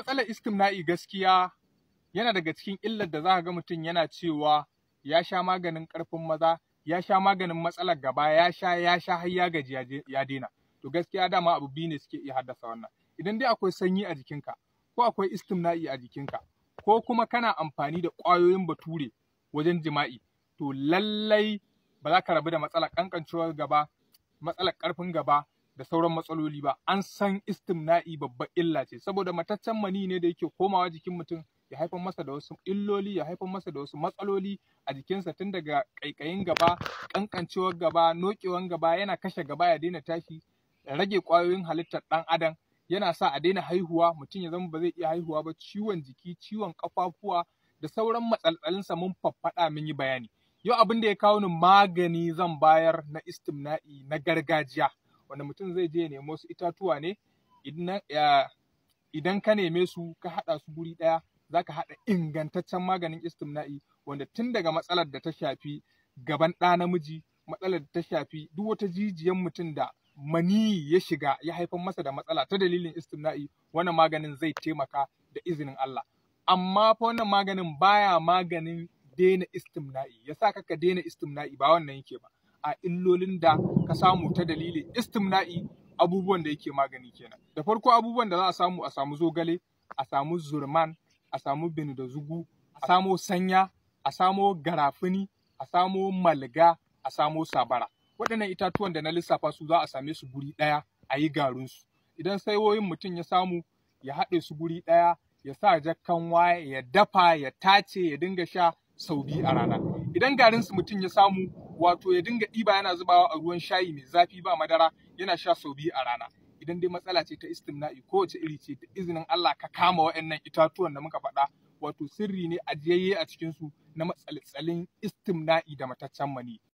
matsalar iskin Na'i gaskiya yana daga cikin illar da za ga mutum yana cewa ya sha maganin ƙarfin maza ya sha maganin matsalar gaba ya sha ya sha har ya gaji ya daina to gaskiya dama abu biyu ne suke iya haddasa wannan idan dai akwai sanyi a jikinka ko akwai iskin Na'i a jikinka ko kuma kana amfani da ƙwayoyin bature wajen jima'i to lallai ba za ka rabu da matsalar kankancewar gaba matsalar ƙarfin gaba da sauran matsaloli ba an san istimna'i babba illa ce saboda mataccen mani ne da yake komawa jikin mutum ya haifar masa da wasu illoli ya haifar masa da wasu matsaloli a jikinsa tun daga ƙaiƙayin gaba ƙanƙancewar gaba noƙewar gaba yana kashe gaba ya daina tashi rage ƙwayoyin halittar ɗan adam yana sa a daina haihuwa mutum ya zama ba zai iya haihuwa ba ciwon jiki ciwon ƙafafuwa da sauran matsaltsalinsa mun faffaɗa mun yi bayani yau abin da ya kawo ni magani zan bayar na istimna'i na gargajiya wanda mutum zai je ya nemi wasu itatuwa ne idan ka neme su ka haɗa su guri ɗaya za ka haɗa ingantaccen maganin istimna'i wanda tun daga matsalar da ta shafi gaban ɗa namiji matsalar da ta shafi duk wata jijiyan mutum da mani ya shiga ya haifar masa da matsala ta dalilin istimna'i wannan maganin zai taimaka da izinin Allah amma fa wannan maganin baya maganin daina istimna'i yasa kaka daina istimna'i ba wannan yake ba a illolin da ka samu ta dalilin istimna'i abubuwan da yake magani kenan da farko abubuwan da za a samu a samu zogale a samu zurman a samu bini da zugu a samu sanya a samu garafini, a samu malga a samu sabara waɗannan itatuwan da na lissafa su za a same su guri ɗaya a yi garinsu idan saiwoyin mutum ya samu ya haɗe su guri ɗaya ya sa jakkan waya ya dafa ya tace ya dinga sha sau biyu a rana idan garinsu mutum ya samu wato ya dinga ɗiba yana zubawa a ruwan shayi mai zafi ba madara yana sha sau biyu a rana idan dai matsala ce ta istimna'i kowace iri ce ta izinin Allah ka kama wa'annan itatuwan da muka faɗa wato sirri ne ajiyayye a cikinsu na matsalitsalin istimna'i da mataccen mani